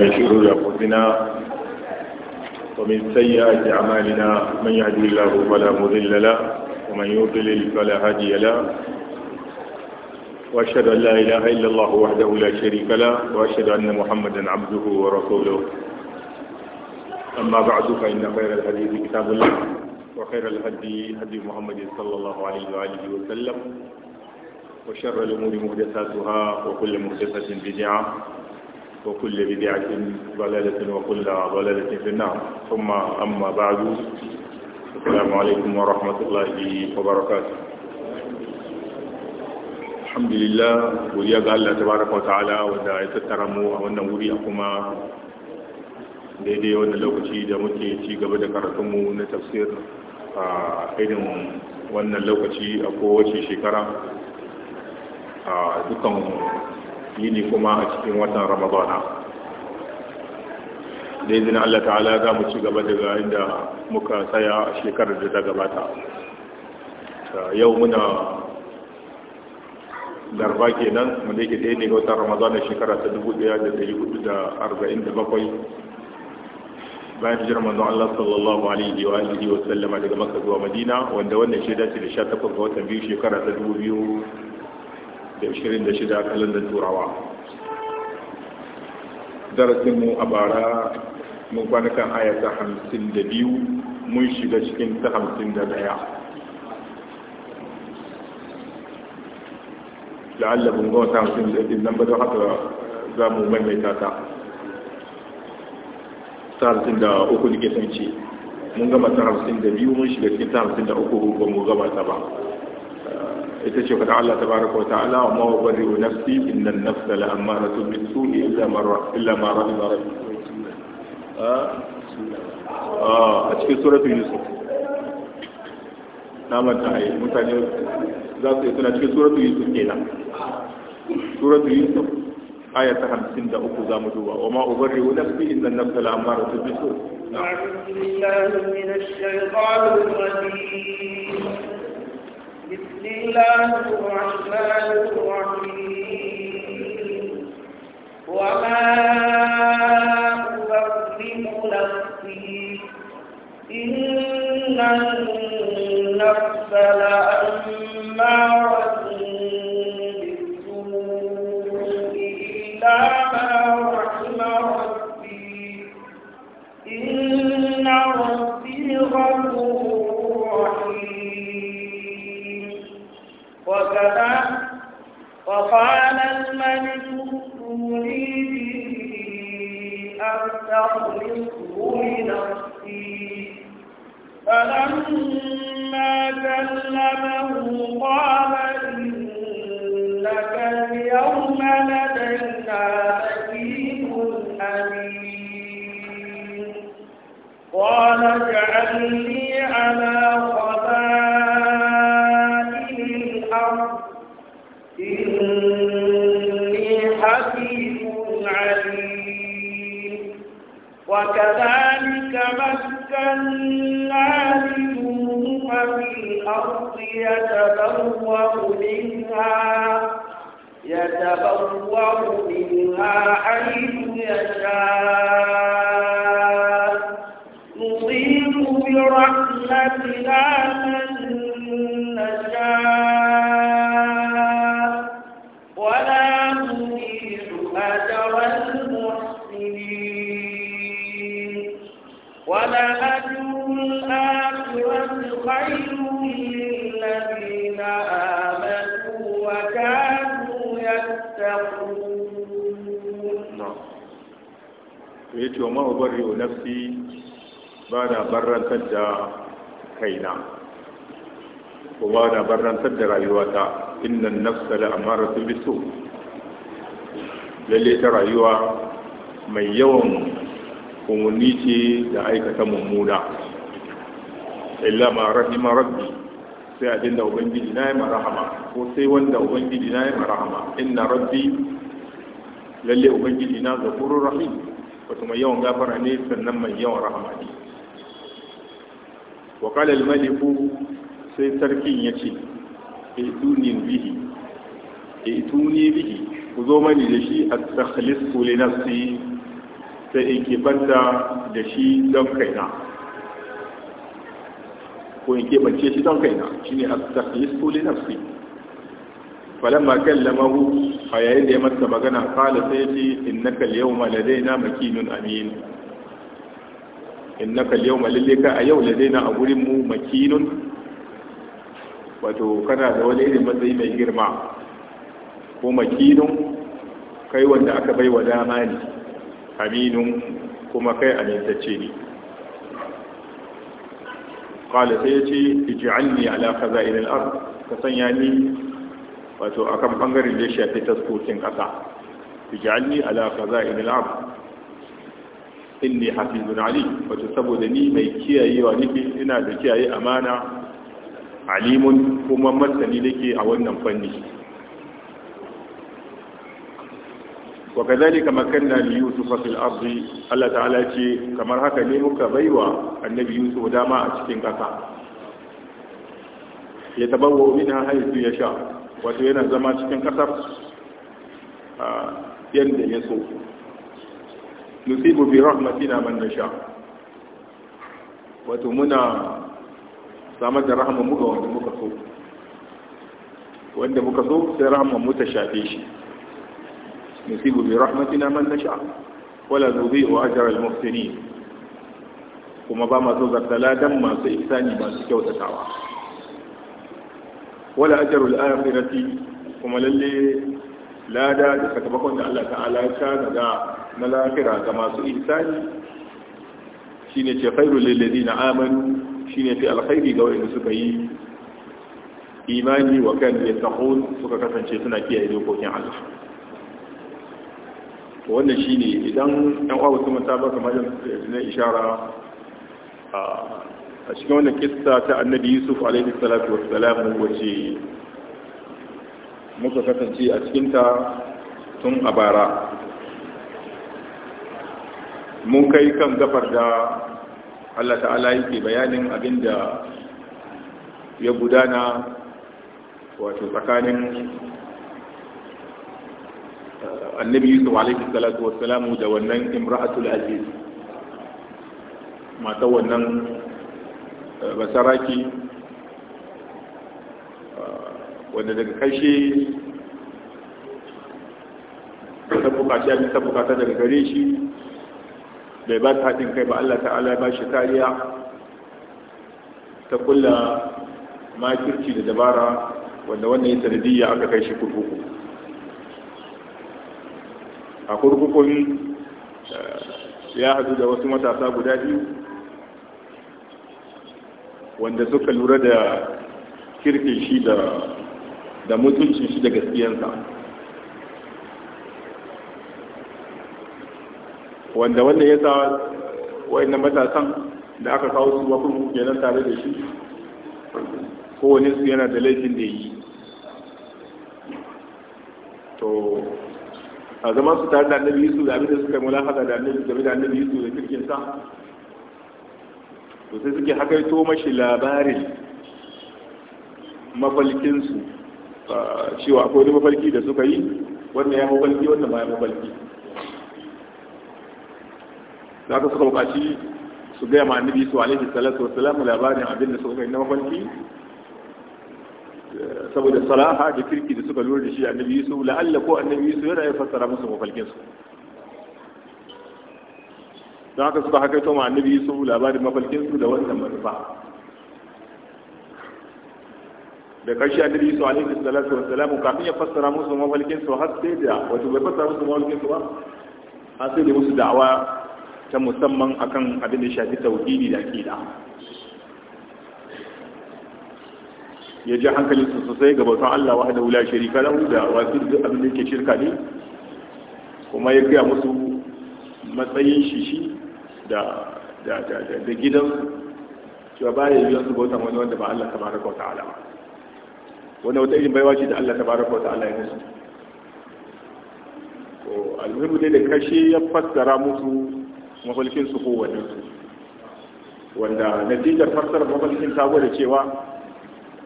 من شرور أنفسنا ومن سيئات أعمالنا من يهدي الله فلا مضل له ومن يضلل فلا هادي له وأشهد أن لا إله إلا الله وحده لا شريك له وأشهد أن محمدا عبده ورسوله أما بعد فإن خير الحديث كتاب الله وخير الهدي هدي محمد صلى الله عليه وآله وسلم وشر الأمور محدثاتها وكل محدثة بدعة وكل بدعة ضلالة وكل ضلالة في النار ثم أما بعد السلام عليكم ورحمة الله وبركاته godiya ga Allah tabaraka wa ta'ala wanda ya tattara mu a wannan wuri a kuma daidai wannan lokaci da muke ci gaba da karatunmu na tafsir a irin wannan lokaci a kowace shekara a dukkan yini kuma a cikin watan ramadana da izini allah ta'ala za mu ci gaba daga inda muka tsaya a shekarar da ta gabata yau muna darba kenan wanda yake ɗaya ne ga watan ramadana shekara ta 1447 bayan hijirar manzon allah sallallahu alaihi wa alihi wa sallama daga maka zuwa madina wanda wannan shaida ce da 18 ga watan biyu shekara ta 2000 da 26 kalandar turawa darasinmu a bara mun kwanakan aya ta 52 mun shiga cikin ta 51 la'alla mun ga wata 51 nan ba don haka za mu maimaita ta ta hamsin da uku nike ke sanci mun gama ta hamsin da biyu mun shiga cikin ta hamsin da uku ba mu gama ta ba ita ce faɗin Allah tabaraka wa ta'ala wa ma wabari wa nafsi inna nafsa la amaratu bis su'i illa ma illa ma rahima rabbi a cikin suratul yusuf na manta ai mutane za su yi suna cikin suratul yusuf kenan suratul yusuf aya ta 53 za mu duba wa ma ubarri wa nafsi inna nafsa la amaratu bi su'i أعوذ بالله من الشيطان الرجيم بسم الله الرحمن الرحيم وما أظلم نفسي إن النفس لأمارة وكذا وقال الملك ائتوني به أستخلصه لنفسي فلما كلمه قال إنك اليوم لدينا مكين أمين قال اجعلني على خلق إني حفيظ عليم وكذلك مكنا لنوح في الأرض يتبوأ منها يتبوأ منها حيث يشاء نصيب برحمتنا ubarri'u nafsi ba na barrantar da kaina ko ba na barrantar da rayuwata innan nafsa la bi so. lalle ta rayuwa mai yawan umarni ce da aikata mummuna illa ma rahima rabbi sai abin da ubangiji na yi marahama ko sai wanda ubangiji na yi marahama inna rabbi lalle ubangiji na zakurur rahim wato mai yawan gafara ne sannan mai yawan rahama ne wa qala al maliku sai sarkin yace dunin bihi tuni bihi ku zo mani da shi astakhlisu li nafsi sai in banta da shi don kaina ko in bace shi don kaina shine astakhlisu li nafsi falamma kallamahu a yayin da ya masa magana kala sai ce innaka al-yawma ladaina makinun amin innaka al-yawma ka a yau na a gurin mu makinun wato kana da wani irin matsayi mai girma ko makinun kai wanda aka bai wa dama ne aminun kuma kai amintacce ne kala sai ce ij'alni ala khaza'il al-ard ka sanya ni wato akan bangaren da ya shafi taskokin ƙasa ijalni ala khaza'in al-ard inni hafizun ali wato saboda ni mai kiyayewa nufi, ina da kiyaye amana alimun kuma masani nake a wannan fanni wa kadhalika makanna li yusuf fil ardi Allah ta'ala ce kamar haka ne muka baiwa annabi yusuf dama a cikin kasa ya tabawwa minha haythu yasha wato yana zama cikin kasar yadda ya so nusibu bi rahmatina man nasha wato muna samar da rahama muga wanda muka so wanda muka so sai rahama mu ta shafe shi nusibu bi rahmatina man nasha wala wa ajar al-muhsinin kuma ba ma so don masu ihsani masu kyautatawa wala ajarul akhirati kuma lalle lada da sakamakon da Allah ta'ala ya tana ga na lafira ga masu insani shine ce khairu lil ladina amanu shine fi alkhairi ga wanda suka yi imani wa kan yattaqun suka kasance suna kiyaye dokokin Allah to wannan shine idan ɗan uwa su ta ba kamar da na ishara ah, a cikin wannan kissa ta annabi yusuf alaihi salatu wassalam wace muka kasance a cikinta tun a bara mun kai kan gafar da allah ta'ala yake bayanin abinda ya gudana wato tsakanin uh, annabi yusuf alaihi salatu wassalam da wannan imra'atul aziz mata wannan basaraki wanda daga kashe ta bukaci abin ta bukata daga gare shi bai ba ta haɗin kai ba Allah ta'ala ba shi kariya ta kulla makirci da dabara wanda wannan ya sanadiyya aka kai shi kurkuku a kurkukun eh, ya hadu da wasu matasa guda biyu wanda suka lura da kirkin shi da da mutuncin shi da gaskiyansa wanda wannan ya sa wayannan matasan da aka kawo su wakil kenan tare da shi kowane su yana da laifin da yi to a zaman su tare da annabi yusuf da abin da suka mulaka da annabi game da annabi yusuf da kirkin sa to sai suke hakaito mashi labarin mafalkinsu cewa akwai wani mafalki da suka yi wanda ya mafalki wanda ba ya mafalki za ka suka bukaci su gaya ma annabi su alaihi salatu wasalam labarin abin da suka yi na mafalki eh, saboda salaha da kirki da suka lura da shi annabi su, la'alla ko annabi su yana ya fassara musu mafalkinsu don haka suka haka to annabi yusuf labarin mafalkin su da wannan manufa da karshe annabi yusuf alaihi salatu wassalam kafin ya fassara musu mafalkin su har sai da wato bai fassara musu mafalkin su ba har sai da musu da'awa ta musamman akan abin da shafi tauhidi da aqida ya ji su sosai ga bautan Allah wa hada wula shirika lahu da wasu abin da yake shirka ne kuma ya gaya musu matsayin shi shi da gidan cewa ba ya yi su bauta wani wanda ba Allah tabaraka wa ta'ala ba wanda wata irin baiwa ce da Allah tabaraka wa ta'ala ya nasu. ko almuhimu dai da kashi ya fassara musu mafalkin su ko wani. Wanda wanda natijar fassara mafalkin ta gwada cewa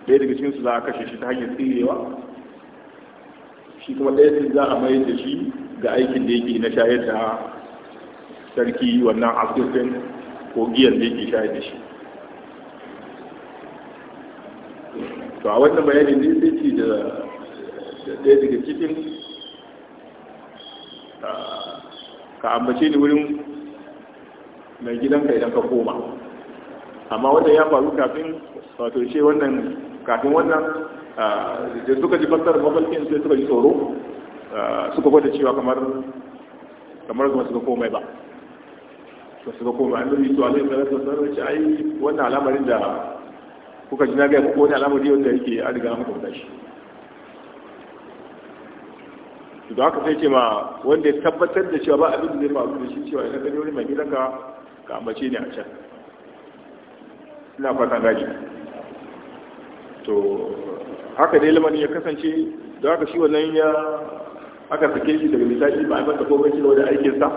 ɗaya daga cikin su za a kashe shi ta hanyar tsirewa shi kuma ɗaya sun za a mayar da shi ga aikin da yake na shayar da sarki wannan afirkin ko giyan da yake shayar da shi to a wannan bayanin ne sai ce da ɗaya daga cikin ka ambace ni wurin mai gidanka idan ka koma amma wanda ya faru kafin wato shi wannan kafin wannan da suka ji fassar mafalkin sai suka ji tsoro suka gwada cewa kamar kamar zama suka komai ba ba su ga koma annabi to alaihi salatu wasallam ya ce ai wannan al'amarin da kuka ji na ga ko wani al'amari wanda yake an riga an kuma shi to haka sai ce ma wanda ya tabbatar da cewa ba abin da zai faru da shi cewa idan gani wani mai gidanka ka ambace ne a can ina fatan gaji to haka dai lamarin ya kasance da haka shi wannan ya aka sake shi daga lissafi ba a masa komai shi da wani aikinsa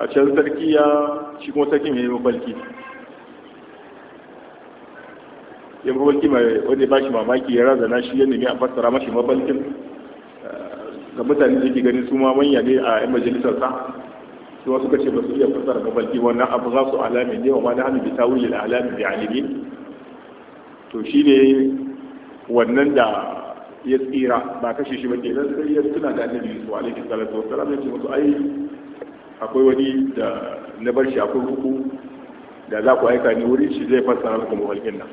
a can sarki ya shi kuma sarki mai mafalki ya mafalki mai wanda ba shi mamaki ya ra'za na shi yadda ne a fassara mashi mafalkin eh, ga mutane da ke ganin su ma manya ne a yan majalisar sa su wasu ce ba su iya fassara mafalki wannan abu za su alami ne wa mana na hannu bi da alami bi alimin to shi ne wannan da ya tsira ba kashe shi ba ke nan sai ya da annabi su alaikin salatu wasu ya ce musu ai akwai wani da na bar shi akwai huku da za ku aika ni wuri shi zai fasa fassara muku mawalkin nan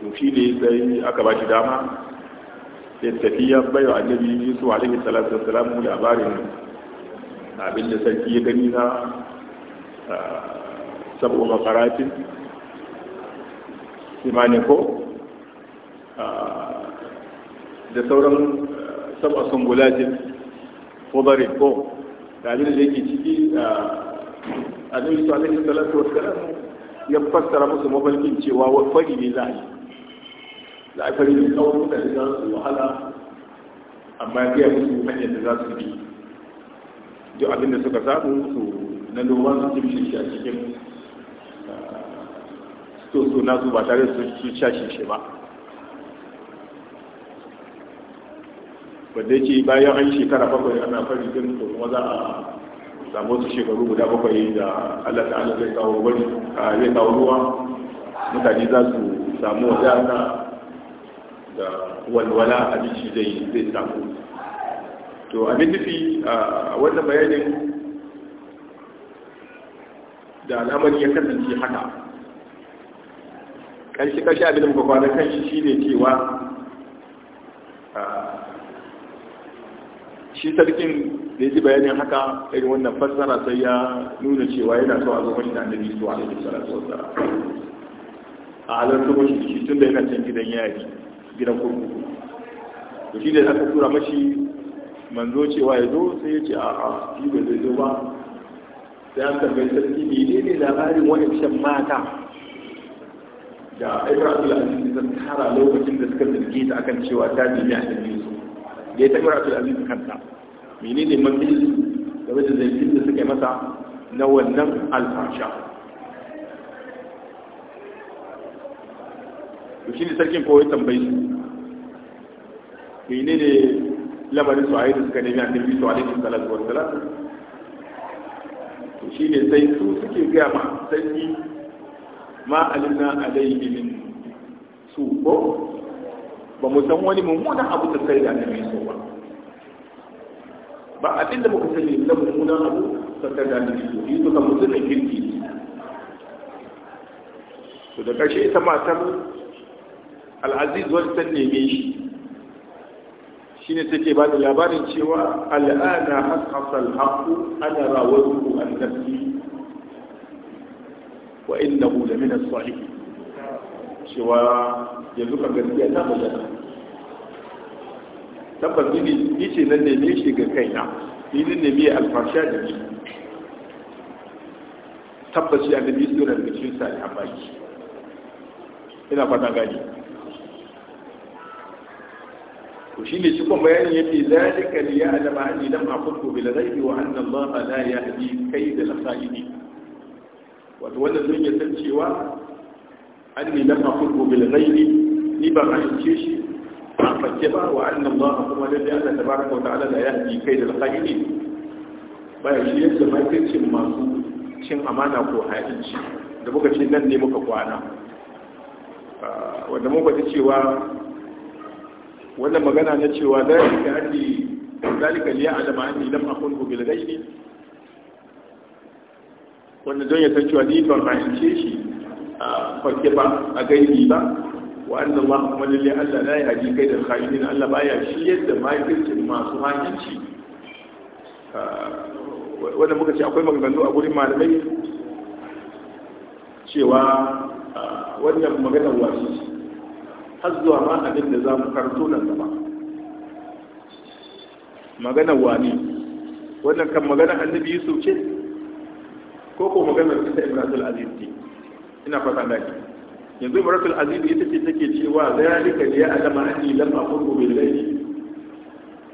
to shi ne sai aka ba shi dama sai tafi ya wa annabi yusuf alaihi salatu wassalam labarin abin da sarki ya gani na sabu makaratin imani ko da sauran sabu sungulatin fodari ko da abin da yake ciki a annabi sallallahu alaihi wasallam ya fassara musu mafarkin cewa fari ne za a yi za a fari ne kawai mutane za su wahala amma ya musu hanyar da za su bi duk abin da suka samu su na noma su ci shi a cikin to so su ba tare da su shi shi ba wanda yake bayan an shekara bakwai ana fari din to kuma za a samu wasu shekaru guda bakwai da Allah ta'ala zai kawo wani zai kawo ruwa mutane za su samu wadata da walwala abinci zai zai samu to abin nufi a wannan bayanin da al'amari ya kasance haka ƙarshe ƙarshe abin da muka kwana kan shi shine cewa shi sarkin da ya ji bayanin haka irin wannan fassara sai ya nuna cewa yana so a zama shi da annabi su a sarar salatu wassalam a halarta mashi shi tun da yana can gidan yari gidan kurkuku to shi da aka tura mashi manzo cewa ya zo sai ya ce a a shi bai zai zo ba sai an tambayi sarki ne ne labarin wani shan mata da ibrahim al-aziz ta tara lokacin da suka zarge ta akan cewa ta a annabi da ya taɓa rasul aziz kanta menene matsayin da wajen zaifin da suka yi masa na wannan alfasha to shi ne sarkin kowai tambayi su ne lamarin su a yi da suka nemi annabi su alaihi salatu wa salatu to shi ne sai su suke gaya ma sanyi ma a alaihi min su ko ba mu san wani mummunan abu ta sai da annabi so ba ba abin da muka sani na mummunan abu ta sai da annabi so yi to ka mutumin kirki to da ƙarshe ita matar al'aziz wani ta neme shi shi ne take ba da labarin cewa haskasa haskasar haku ana rawar ku an nafi wa inna hu da minas salihin cewa yanzu kan gaskiya ta bayyana tabbas ni ni ce nan ne ne shi ga kaina ni ne ne mi alfasha da ni tabbas ya annabi su da cikin sa ya baki ina fata gani to shi ne cikon bayanin yake zalika li ya'lam anni lam aqulu bil ghaibi wa anna Allah la yahdi kayda al kha'ibin wato wannan zai ya san cewa anni lam aqulu bil ghaibi ni ba a ce shi a fakke ba wa anna Allah kuma lalle Allah tabaraka wa ta'ala ya yahdi kai da alkhairi ba ya shi yadda makircin masu cin amana ko ha'inci da muka ce nan ne muka kwana ah, wanda muka ta cewa wannan magana na cewa zalika anni zalika liya alama anni lam aqulu bil ghaibi wanda don ya san cewa ni ban ha'ince shi a kwakke ba a gaibi ba wa annan ba kuma lalle Allah la yahdi kai da khainin Allah baya shi yadda makircin masu hanyarci. wadda muka ce akwai maganganu a gurin malamai cewa wannan maganar wasu har zuwa ma abin da za mu karto nan gaba maganar wani wannan kan maganar annabi yusuf ce ko ko maganar isa ibrahim al-aziz ina fatan daki yanzu baratul aziz ita ce take cewa zalika li ya'lama anni lam aqulu bil ghaibi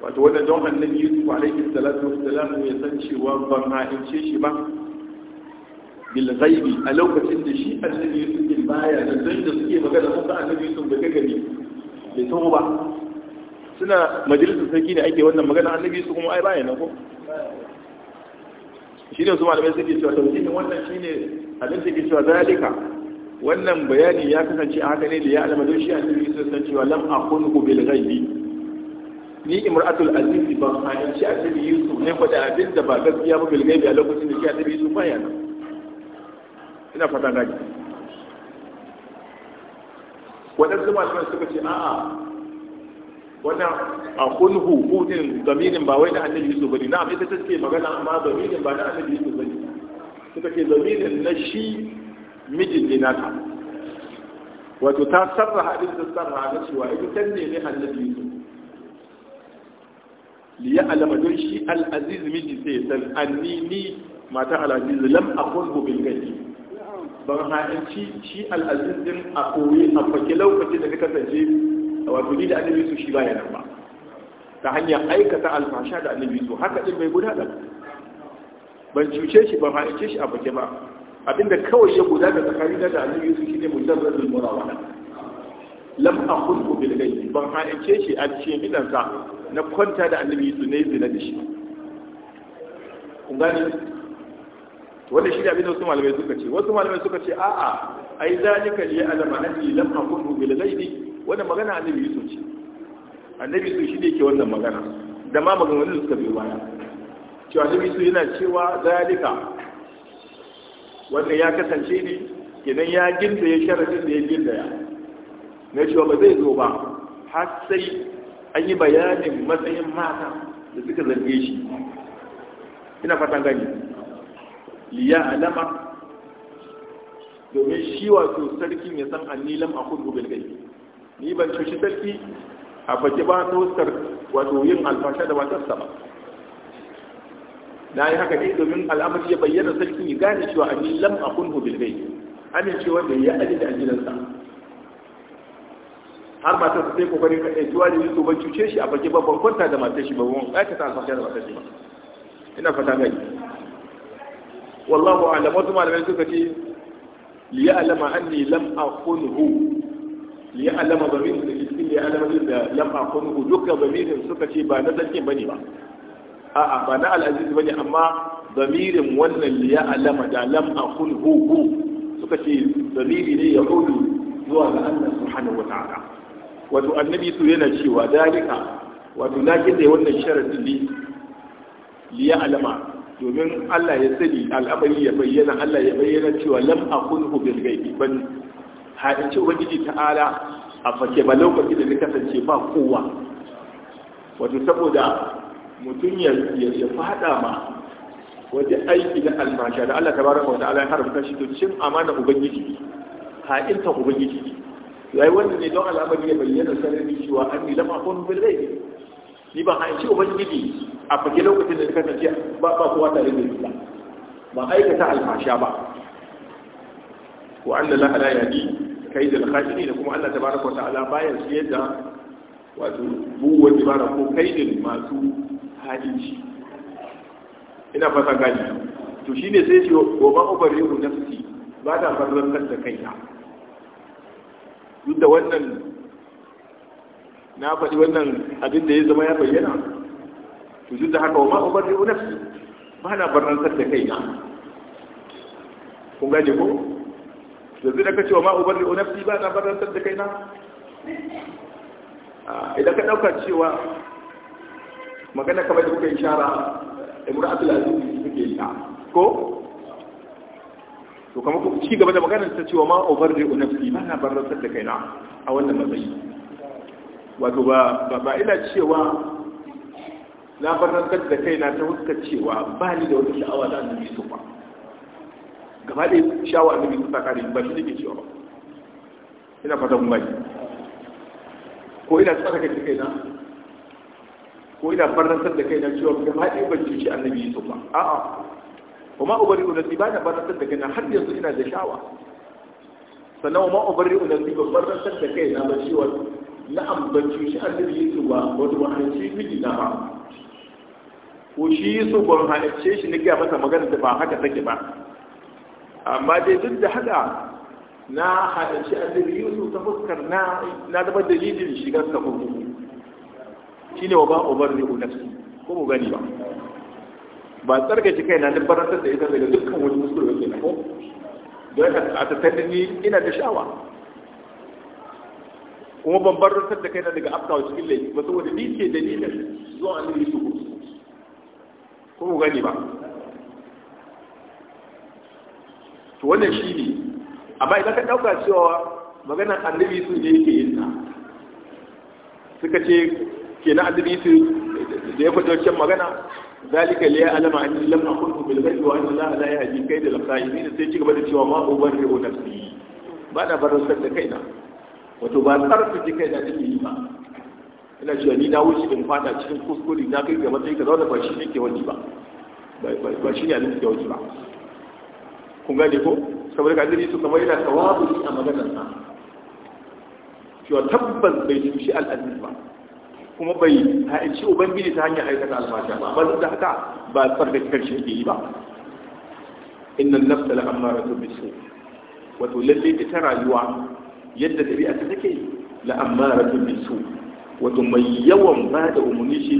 wato wannan don annabi yusuf alaihi salatu wassalam ya san cewa ban ha'ince shi ba bil ghaibi a lokacin da shi annabi yusuf din baya da zai da suke magana kuma annabi yusuf da gagari bai taho ba suna majalisar sarki ne ake wannan magana annabi yusuf kuma ai baya nan ko shi ne su malamai suke cewa tauhidin wannan shi ne abin suke cewa zalika wannan bayani ya kasance a haka ne da ya alama don shi annabi sun san cewa lam akunhu bil ghaibi ni imra'atul aziz ban hanin shi cikin yusuf ne faɗa abin da ba gaskiya ba bil ghaibi a lokacin da shi a cikin yusuf baya nan ina fata gani waɗansu malamai suka ce a'a wannan a kunhu hudin zaminin ba wai na annabi yusuf bane na ita take magana amma zaminin ba na annabi yusuf bane suka ce zaminin na shi mijin ne nata wato ta sarraha din ta sarraha da cewa ita ta ne ne annabi yusuf li ya'lama don shi al-aziz miji sai san anni ni mata al-aziz lam akunhu bil ghaib ban ha'inci shi al-aziz din a koyi a fake lokacin daga. wato ni da annabi su shi baya nan ba ta hanyar aikata alfasha da annabi su haka din bai gudana ban cuce shi ba ha'ice shi a bake ba abinda kawai ya gudana tsakanin da annabi su shi ne mujarradul murawana lam akhudhu bil ghaibi ban ha'ice shi a cikin bidansa na kwanta da annabi su ne zina da shi kun gane wanda shi da abin da wasu malamai suka ce wasu malamai suka ce a'a ai zalika li alama anni lam akhudhu bil ghaibi wannan magana annabi yusuf ce annabi yusuf shi ne ke wannan magana da ma maganganun suka biyo baya cewa annabi yusuf yana cewa zalika wannan ya kasance ne idan ya ginda ya sharadin da ya ginda ya na cewa ba zai zo ba har sai an yi bayanin matsayin mata da suka zarge shi ina fatan gani liya alama domin shi wato sarkin ya san annilan a kudu bilgai ni ban cuci sarki a baki ba tosar wato yin alfasha da matarsa ba na yi haka ne domin al'amari ya bayyana sarki ya gane cewa a ni lam a kunhu bilgai amincewa da ya aji da gidansa har matar su sai kokarin kaɗai ɗauki da yusu ban cuce shi a baki ban kwanta da matar shi babban ta alfasha da matar shi ba ina fata gani wallahu a'lam wasu malamai suka ce liya alama anni lam akunhu li alama bamirin da cikin li alama da yamma kun duka bamirin suka ce ba na sarkin bane ba a'a ba na al'aziz bane amma bamirin wannan li alama da lam akun hu hu suka ce bamiri ne ya hudu zuwa ga Allah subhanahu wata'ala wato annabi su yana cewa dalika wato lakin da wannan sharadin ne liya alama domin Allah ya sani al'amari ya bayyana Allah ya bayyana cewa lam akun hu bil gaibi ban haɗinci ubangiji ta'ala a fake ba lokaci da zai kasance ba kowa wato saboda mutum ya fada ma wajen aiki na almasha da Allah tabaraka wa ta'ala ya haramta shi to cin amana ubangiji ha'inta ubangiji yayi wannan ne don al'amari ya bayyana sarari cewa an ni lama kun bil rai? ni ba ha'inci ubangiji a fake lokacin da zai kasance ba kowa tare da ba ba aikata almasha ba wa anna la la yadi kai da khashini da kuma Allah tabaraka ta'ala bayan su yadda wato buwa dibara ko kaidin masu hadinci ina fata gani to shine sai ce wa ma ubarihu nafsi ba da farrantar da kaina duk da wannan na faɗi wannan abin da ya zama ya bayyana to duk da haka wa ma ubarihu nafsi ba na farrantar da kaina kun gaje ko yanzu da kace wa ma ubarri nafsi ba na barantar da na idan ka ɗauka cewa magana kamar da kuka ishara imra'atul aziz suke yi ko to kama ku ci gaba da maganar ta cewa ma ubarri nafsi ba na barantar da na a wannan matsayi wato ba ba ina cewa na barantar da na ta huskar cewa ba ni da wata sha'awa da annabi su ba gaba ɗaya shawa annabi sun saka da ba shi nake cewa ba ina fata mun baki ko ina tsarkake da kaina ko ina farnantar da kaina cewa gaba ɗaya ban cuci annabi su ba a'a kuma ubari unasi ba na farnantar da kaina har yanzu ina da shawa sannan wa ma'ubari unasi ba farnantar da kaina ba cewa na'am ban cuci annabi su ba wani ba hanci miji na ba ko shi yusuf ban halarce shi na gaya masa magana da ba haka take ba amma dai duk da haka na halarci annabi yusuf ta fuskar na na zama dalilin shigar ta shi ne wa ba ubarri nafsi ko mu gani ba ba tsarkake kai na barantar da ita daga dukkan wani musulmi yake na ko don a tattalin ni ina da shawa kuma ban barantar da kai na daga afkawa cikin laifi ba saboda ni ce dalilin zuwa su yusuf ko mu gani ba to wannan shi ne amma idan ka ɗauka cewa maganar annabi su ne yake yin suka ce ke na annabi su da ya fito can magana zalika liya alama an lam aqulu bil ghaibi wa anna allaha la yahdi kayda al khayyin sai ci gaba da cewa ma wa nafsi ba da barasar da kaina wato ba su ji kaina nake yi ba ina cewa ni na wuce in fada cikin kuskure na kai ga matsayi ka zauna ba shi ne ke wani ba ba shi ne a nufi ke wani ba kun gane ko saboda ka gani su kamar yana tawabu a maganar sa cewa tabbas bai tushe al'adun ba kuma bai ha'inci ubangiji ta hanyar aikata albasha ba ba da haka ba tsarkakar shi ke yi ba innan nafsa la amara bi bisu wato lalle ita rayuwa yadda dabi'a ta take la amara bi bisu wato mai yawan ba da umarni shi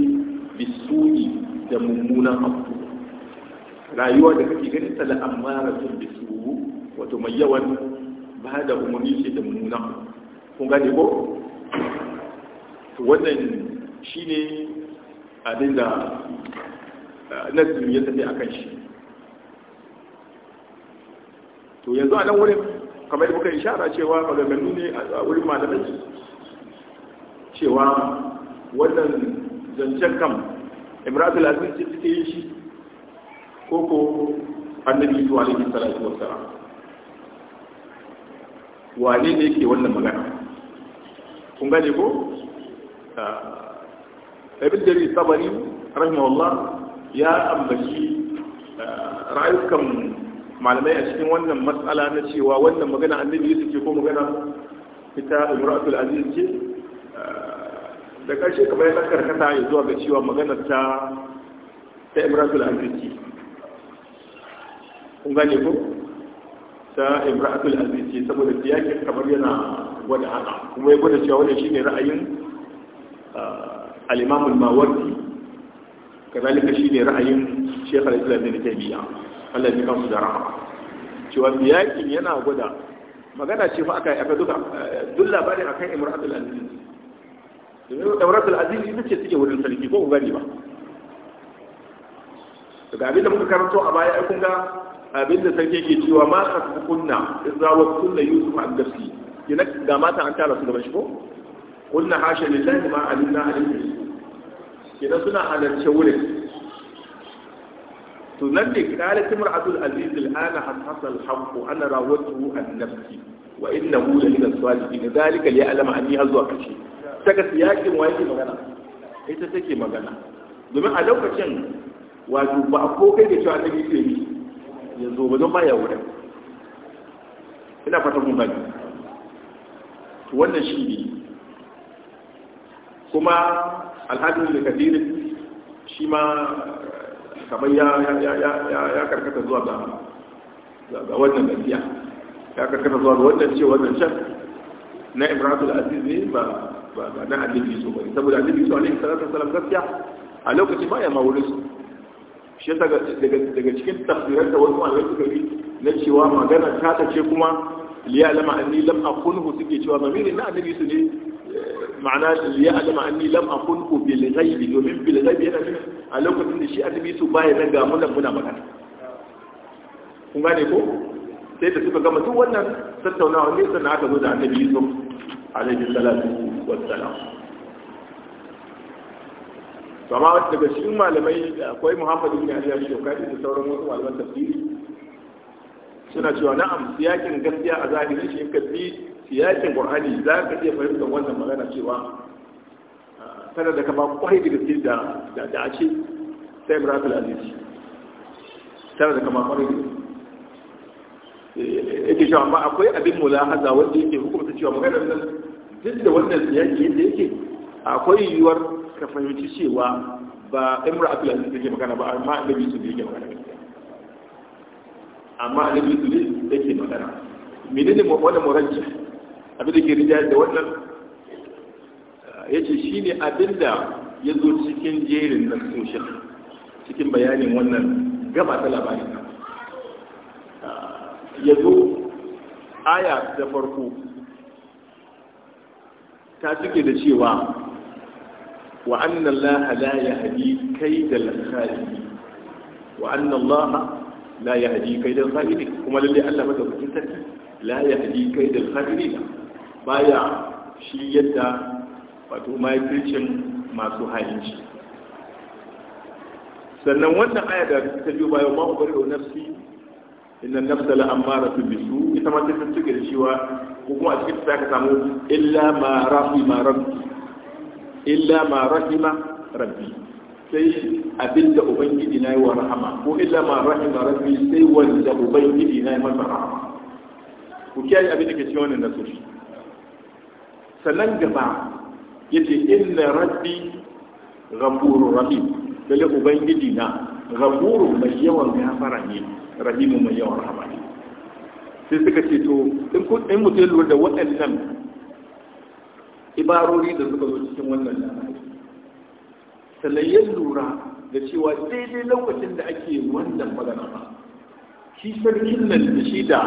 bi bisu'i da mummunan abu rayuwa da kake ganin ta sun da su wato mai yawan ba da umarni ce da mummuna kun gane ko to wannan shine abin da eh, nasu ya tafi a shi to yanzu a nan wurin kamar muka ishara cewa maganganu ne a wurin malamai cewa wannan zancen kam imratul aziz ce take yin shi ko ko annabi su alaihi salatu wassalam wane ne yake wannan magana kun gane ko ah, ibn ne sabari rahimahullah ya ambaci ah, ra'ayukan malamai a cikin wannan matsala na cewa wannan magana annabi yusuf ke ko magana ita imratul aziz ce ah, da ƙarshe kamar ya karkata ya zuwa ga cewa maganar ta ta imratul aziz ce kun gane ko ta imra'atul aziz saboda siyakin kamar yana gwada haka kuma ya gwada cewa wannan shine ra'ayin ah, al-imam al-mawardi kazalika shine ra'ayin shekhar islam da nake biya Allah ya kansu da rahama cewa siyakin yana gwada magana ce fa aka aka duka eh, duk labarin akan imratul aziz domin imra'atul aziz ita ce take wurin sarki ko ku gani ba daga abin da muka karanto a baya ai kun ga Abin da sarki ke cewa ma kasbukunna idza waqtunna yusuf an gafsi kina ga mata an tara su gaban shi ko kunna hasha lillahi ma alimna alayhi kina suna halarce wurin to nan ne kala timar abdul aziz al'ana hasasal haqqu ana rawatu an nafsi wa innahu la min as-salihin zalika li alama anni hazwa kace saka siyakin wa yake magana ita take magana domin a lokacin wato ba a ko kai da cewa annabi sai yanzu zo ba don ba ya wurin ina fata mun bani wannan shi ne kuma alhajin da kadirin shi ma kamar ya karkata zuwa ga wannan gaskiya ya karkata zuwa ga wannan ce wannan can na ibrahim aziz ne ba ba na annabi yusuf ba saboda annabi yusuf alaihi salatu wasalam gaskiya a lokaci ba ya ma wurin su shi daga daga cikin tafsirarta da wasu malamai suka yi na cewa magana ta ce kuma liya'lama anni lam akunhu suke cewa mamirin na annabi su ne eh, ma'ana liya'lama anni lam akunhu bil ghaibi domin bil ghaibi yana nuna a lokacin da shi annabi su baya nan ga mun muna magana kun gane ko sai da suka gama duk wannan tattaunawa ne sannan aka zo da annabi yusuf alaihi salatu wassalam to amma daga cikin malamai akwai Muhammad ibn Ali al shukari da sauran wasu malaman tafsiri suna cewa na'am siyakin gaskiya a zahiri shi ka bi siyakin Qur'ani za ka iya fahimtar wannan magana cewa tana da kama kwai da gaskiya da da a ce sai Ibrahim al-Aziz tana da kama kwai ke eh, cewa amma akwai abin mulahaza wanda yake hukumta cewa maganar nan duk da wannan siyaki yadda yake akwai yiwuwar ka fahimci cewa ba imra atul aziz yake magana ba amma annabi su yake magana amma annabi su yake magana menene wannan murajji abin da ke rija da wannan eh, yace shine abinda ya zo cikin jerin social cikin bayanin wannan gaba ta labarin nan eh, ya zo aya da farko ta cike da cewa wa anna allaha la yahdi kaidal kha'ini wa anna allaha la yahdi kaidal kha'ini kuma lalle Allah madaukakin sarki la yahdi kaidal kha'ini baya wato mahaifin masu halinci sannan wannan aya da ta biyo bayan ma ubar da nafsi inna nafsa la amara tu bisu ita ma ta tsike da cewa ko kuma a cikin ta ka samu illa ma rafi ma rabbi إلا ما رحم ربي سي أبن دعوبين جدنا ورحمة وإلا ما رحم ربي سي والدعوبين جدنا ورحمة وكي أبن كتيون النسوش سنن جمع يتي إن ربي غفور رحيم دعوبين جدنا غفور مجيوا مهفرين رحيم مجيوا رحمة سيسكتي تو إن كنت إن متلو دعوة النمو ibarori da suka zo cikin wannan labari salayyar lura da cewa daidai lokacin da ake wannan magana ba shi sarkin nan da shi da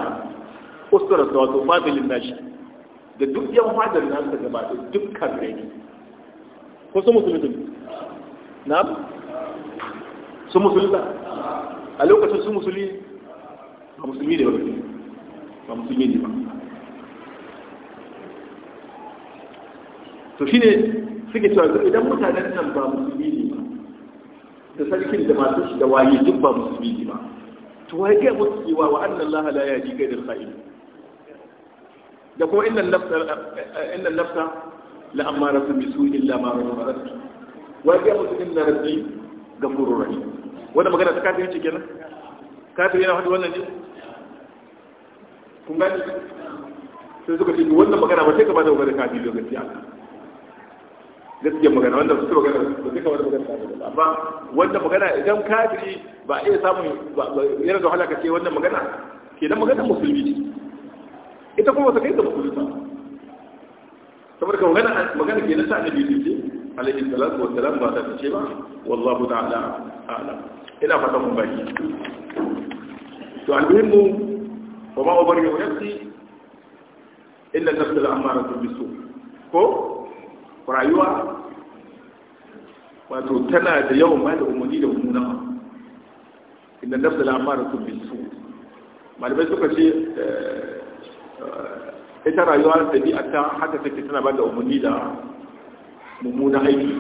usturar sa wato familin nashi da duk yan fadar nasa gaba da dukkan rai ko su musulmi na su musulmi a lokacin su musulmi ba musulmi ne ba ba musulmi ne ba to shi ne suke cewa idan mutanen nan ba musulmi ne ba da sarkin da masu shi da waye duk ba musulmi ne ba to wai kai musu cewa wa annan laha la ji kai da sa'ili da kuma inna nafsa innan nafsa la amara bi su illa ma bi. wai kai musu inna rabbi gafurur rahim wannan magana ta kafin ce kenan kafin yana hadu wannan ne kun gani sai suka ce wannan magana ba sai ka ba da wani kafin lokaci aka gaskiyar magana wanda su magana su duka wani magana amma wanda magana idan kafiri ba a iya samun yana da wahala kace wannan magana kenan magana musulmi ce ita kuma ta kai ta musulmi ba saboda ka magana magana ke na ta annabi ne ce alaihi salatu wassalam ba ta ce ba wallahu ta'ala a'lam ina fata mun baki to almuhimmu wa ma ubarri nafsi illa nafsul amara su ko rayuwa wato tana da yawan ba da umarni da mummunan inda nafsa lamarin su bin su malamai suka ce eh, ita rayuwa da a ta haka take tana ba da umarni da mumuna aiki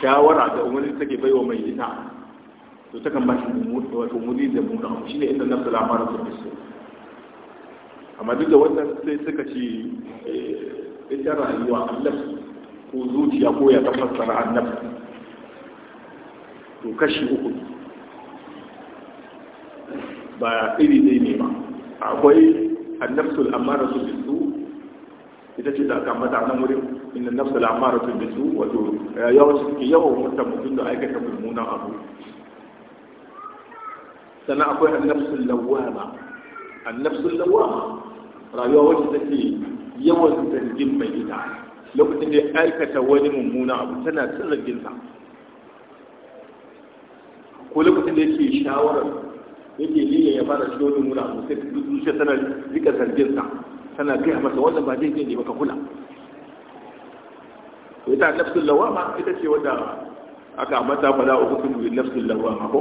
shawara da umarni take bai wa mai ita to ta kan ba shi wato umarni da mummunan shi ne inda nafsa lamarin su bin su amma duk da wannan sai suka ce eh, ita rayuwa allah ko zuciya ko ya tafassara annabi to kashi uku ba iri dai ne ba akwai annabtul amara su bisu ita ce da aka mata nan wurin inda nafsul amara su bisu wato eh, yawan su ke yawan mutum mutum da aikata mummunan abu sannan akwai annabsul lawama annabsul lawama rayuwa wacce take yawan zargin mai ita lokacin da ya aikata wani mummuna abu tana tsirraginsa ko lokacin da yake shawarar yake liya ya fara shi wani mummuna abu sai zuciya tana rika zarginsa tana gaya masa wannan ba zai ne baka kula ko ita nafsul lawama ita ce wadda aka mata fada uku sun bi nafsul lawama ko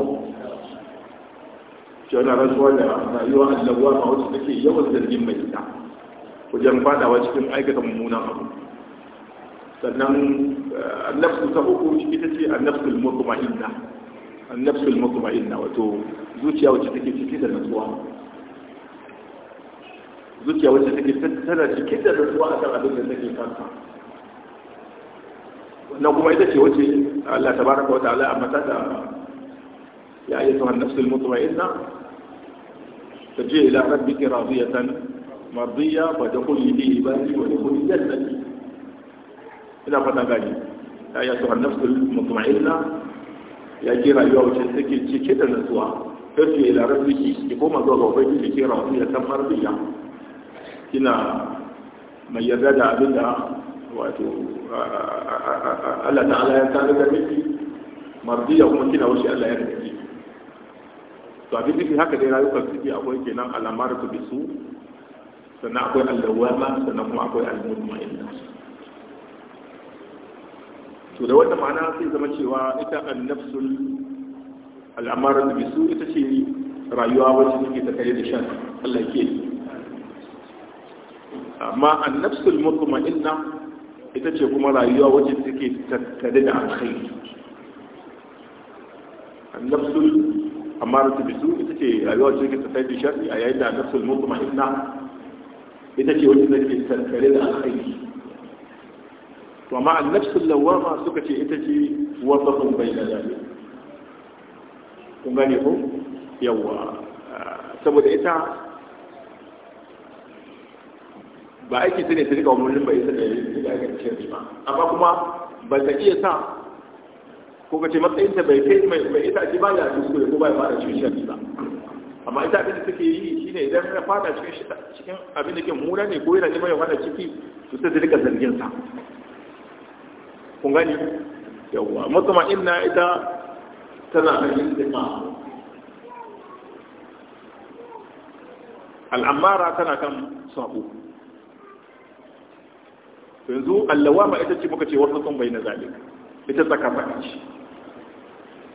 shi wani rasuwa da rayuwa allawama wacce take yawan zargin mai ita wajen fadawa cikin aikata mummunan abu sannan annafsu ta uku ita ce annafsul mutma'inna annafsul mutma'inna wato zuciya wacce take ciki da nutsuwa zuciya wacce take tana ciki da nutsuwa akan abin da take kansa wannan kuma ita ce wacce Allah tabaraka wa ta'ala amma ta ya ayyatuha an-nafsul mutma'inna تجي إلى ربك راضية مرضية ودخلي في عبادي ودخلي جنتي ina fata gani ya yi suhar nafsu mutuma'illa ya ke rayuwa wacce suke cike da ta fiye da rabbiki ya koma zuwa ga ubangiji ke rawu ya san marbiya kina mai yarda da abin da wato Allah ala ya tsara da miki marziya kuma kina wuce Allah ya rike to abin da haka dai rayuwar suke akwai kenan alamar su bisu sannan akwai allawama sannan kuma akwai al-mutmainna to da wanda ma'ana sai zama cewa ita annafsul al'amara da bisu ita ce rayuwa wacce take ta kare da shan Allah ke amma annafsul mutma'inna ita ce kuma rayuwa wacce take tattare da alkhairi annafsul amara da bisu ita ce rayuwa wacce take tattare da shan a yayin da annafsul mutma'inna ita ce wacce take tattare da alkhairi to amma annafsul lawama suka ce ita ce wasafin bayyana zalim kun gane ko yawa saboda ita ba aiki ta ne ta rika umarnin ba isa da ya ga cikin ba amma kuma ba ta iya sa ko ka ce matsayin ta bai kai mai ita ce ba ya su ko ba ya fara cikin shari'a ba amma ita abin da take yi shine idan ka fara cikin cikin abin da ke mura ne ko yana neman ya fara ciki to sai ta rika zargin sa kun gani yawwa mutuma inna ita tana da intima al'amara tana kan sabu yanzu allawama ita ce muka ce wasu sun bai na zalik ita tsaka faɗi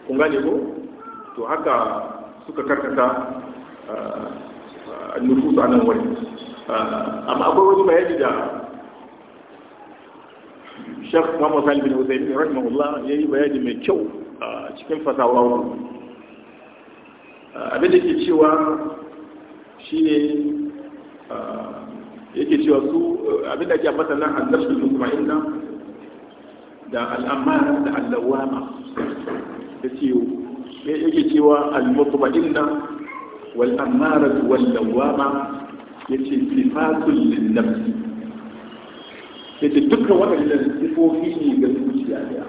kun gane ko to haka suka karkata a eh, eh, a nan wani eh, amma akwai wani bayani da shek Muhammad Salim bin Hussein rahimahullah ya yi bayani mai kyau a cikin fasawa abin da ke cewa shi ne yake cewa su abin da ke ambata nan annabtul mutma'inna da al'amara da allawama da ciwo yake cewa al-mutma'inna wal amara wal lawama yace sifatul lin nafsi sai da dukkan waɗannan sifofi ne ga zuciya ɗaya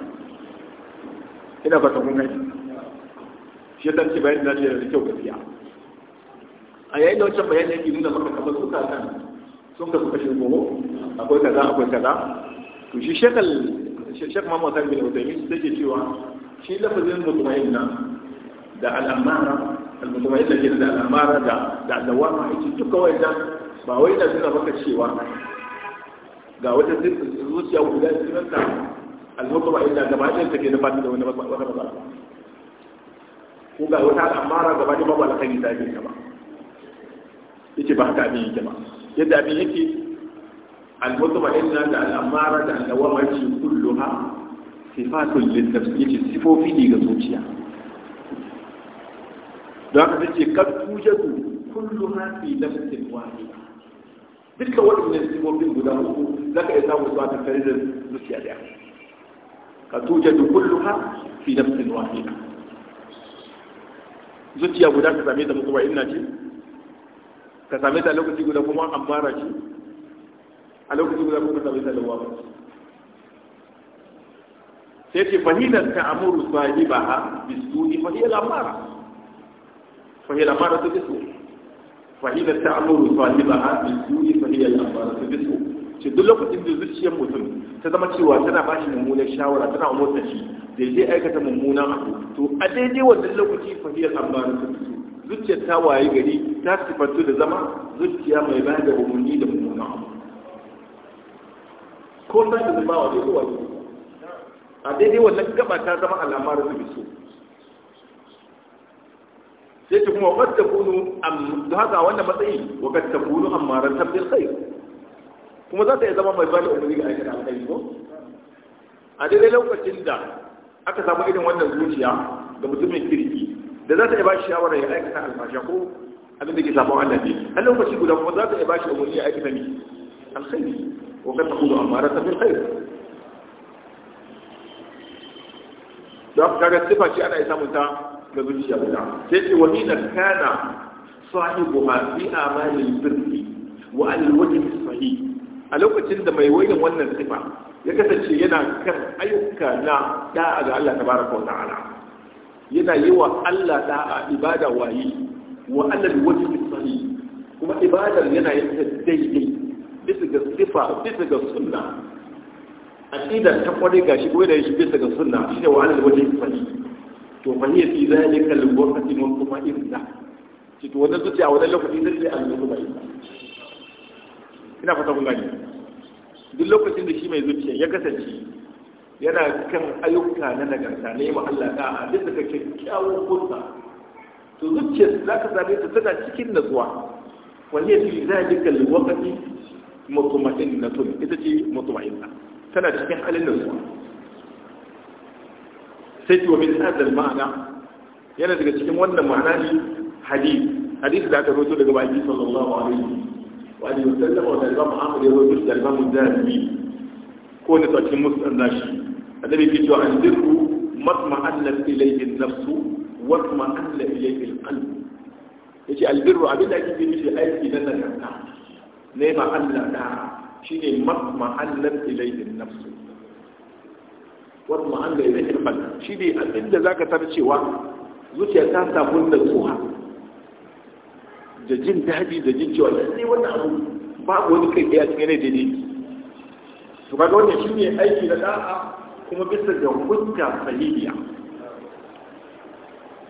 ina fata kun gani shi yadda ce bayan da ce da kyau gaskiya a yayin da wancan bayani yake nuna maka kamar suka kan sun ka suka shirgo akwai kaza akwai kaza to shi shekal shek mamman sa bin hutaimi sai ke cewa shi lafazin mutumayin nan da al'amara al-mutumayin da ke da al'amara da da al'awama yake duka wayan ba wai da suna maka cewa ga wata zuciya guda cikin ta al-hukma illa gaba ɗayan take da fata da wani wata matsala ko ga wata al'amara gaba ɗaya babu alkhairi ta yake ba yace ba haka abin yake ba yadda abin yake al-hukma illa da al'amara da al-dawama ce kulluha sifatun lil-nafs yace sifofi ne ga zuciya don haka take kad tujadu kulluha fi nafsin wahida duka waɗannan sifofin guda uku zaka iya samu su a tattare da zuciya daya ka tuje da ha fi nafsin wahida zuciya guda ka same ta muku inna ce ka same ta lokaci guda kuma ambara ce a lokaci guda kuma same ta lawa ba sai ce fahilan ta amuru sahibaha bisu'i fahiyal amara fahiyal amara ta so. fahida ta amuru sahibaha bil su'i fahiyar al-amara ta bisu ce duk lokacin da zuciyar mutum ta zama cewa tana ba shi mummunan shawara tana umurta shi da zai aikata mummunan abu to a daidai wannan lokaci fahiyar amara ta bisu zuciyar ta waye gari ta sifantu da zama zuciya mai ba da umarni da mummunan abu ko ta da zama wa zai zuwa a daidai wannan gaba ta zama al'amarin da bisu sai ce kuma wadda kunu da haka wanda matsayi wakar ta kunu amma ran tabbin kai kuma za ta yi zama mai bada umarni ga aikata kai ko a daidai lokacin da aka samu irin wannan zuciya ga mutumin kirki da za ta yi ba shi shawarar ya aikata alfasha ko abin da ke samun Allah ne a lokaci guda kuma za ta yi ba shi umarni ya aikata ne alkhairi wakar ta kunu amma ran tabbin kai don kaga sifa ce ana yi samun ta ga zuciya guda sai ce wani da kana sahibu ma fi amalin birri wa alil wajhi sahih a lokacin da mai wayan wannan sifa ya kasance yana kan ayyuka na da'a ga Allah tabaraka wa ta'ala yana yi wa Allah da'a ibada wayi wa alal wajhi sahih kuma ibadar yana yin ta daidai bisa ga sifa bisa ga sunna aqida ta kware gashi ko da shi bisa ga sunna shine wa alal wajhi sahih to fa hiya fi zalika al-ghurfati mutma'inna ci to wannan zuciya wannan lokaci zai ce al-mutma'inna ina fata kun gani duk lokacin da shi mai zuciya ya kasance yana kan ayyuka na nagarta ne ma Allah a duk da kyawu kunsa to zuciya za ka same ta tana cikin natsuwa wa hiya fi zalika al na mutma'inna ita ce mutma'inna tana cikin halin zuwa. sai ki wa min hadal ma'ana yana daga cikin wannan ma'ana ne hadith hadith da aka rawaito daga baki sallallahu alaihi wa alihi wasallam wa dalba Muhammad ya rawaito dalba mudahi ko ne ta cikin musulman nashi annabi ke cewa an dirku matma'anna ilayhi an-nafsu wa matma'anna ilayhi al-qalb yace albirru abin da ake shi aiki dan nan ne ma Allah da shine matma'anna ilayhi an-nafsu wani ma'an da yana irfan shi ne abinda za ka tara cewa zuciya ta samu da tsoha da jin daɗi da jin cewa lalle wannan abu babu wani kai ɗaya cikin yanayi daidai to kaga wannan shi ne aiki da ɗa'a kuma bisa ga hujja sahihiya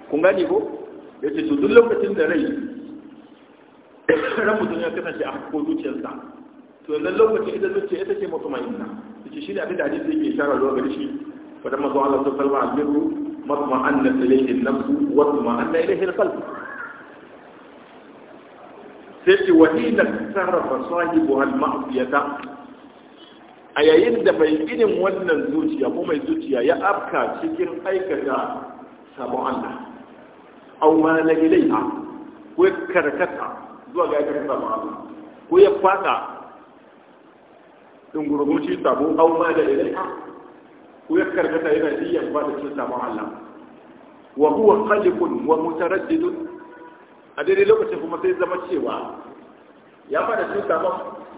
kun gane ko ya ce su duk lokacin da rai ran mutum ya kasance a ko zuciyarsa to yanzu lokaci ita zuciya ita ce mutmainna take shi ne abin da hadisi yake shara zuwa gari shi fadan manzo salma a biyu masu ma'anar da ilayhi na nafs wasu ma'anar ilayhi al-qalb sai ce wani na sarrafa sahibu al-ma'siyata a yayin da mai irin wannan zuciya ko mai zuciya ya afka cikin aikata sabon Allah aw ma la ilayha ko karkata zuwa ga aikata sabon Allah ko ya fada ɗungurguci sabo au ma da ilai ku ya karkata yana iya ba da cin sabon Allah wa huwa qalqun wa mutaraddidun a daidai lokacin kuma sai zama cewa ya ba da cin sabon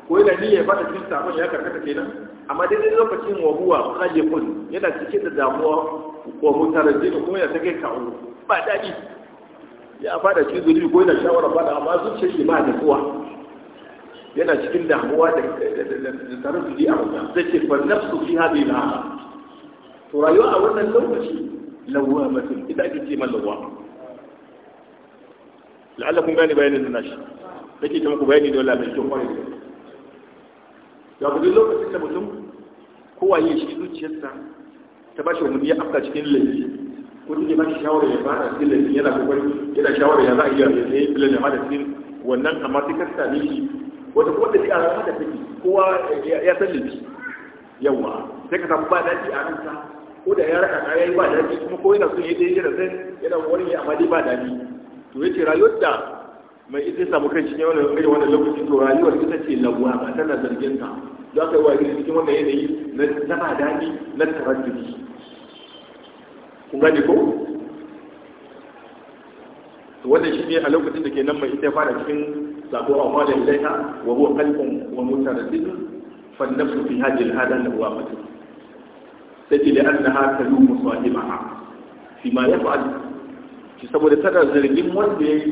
ko yana niyyar ba da cin sabon ya karkata kenan amma dai lokacin wa huwa qalqun yana cike da damuwa wa mutaraddidun kuma ya take kawo ba dadi ya fada cin zuri ko yana shawara fada amma zuciyar shi ba da kuwa yana cikin damuwa da tsarin su a wannan sai ce ban nafsu fi hadi na to rayuwa a wannan lokaci lawwa mutum idan ake ce man lawwa la'alla kun gane bayanin da nashi nake ta muku bayani da wallahi mai kyau kwarai da ku duk lokacin da mutum kowa ya shi zuciyarsa ta bashi wani ya afka cikin laifi ko take ba shi shawara ya fara cikin laifi yana kokari yana shawara ya za a iya ya yi filan ya ma da cikin wannan amma sai ka same shi wata kuma da a da take kowa ya san limi yawa sai ka samu ba daji a ranka ko da ya raka kaya ba daji kuma ko yana son ya dai yana zai yana wani ya amma dai ba daji to yace rayuwar da mai ita samu kan cikin wannan irin wannan lokaci to rayuwar ita ce lawa ba tana zargin ka za ka yi wa cikin wannan yanayi na ba daji na tarajjudi kun gane ko wannan shi ne a lokacin da ke nan mai ita fara cikin sako a kwada ilaiha wa huwa qalbun wa mutaraddid fa nafsu fi hadhihi al-hadan la huwa matu sai da annaha talumu sahibaha fi ma yaf'al shi saboda tana zargin wanda ya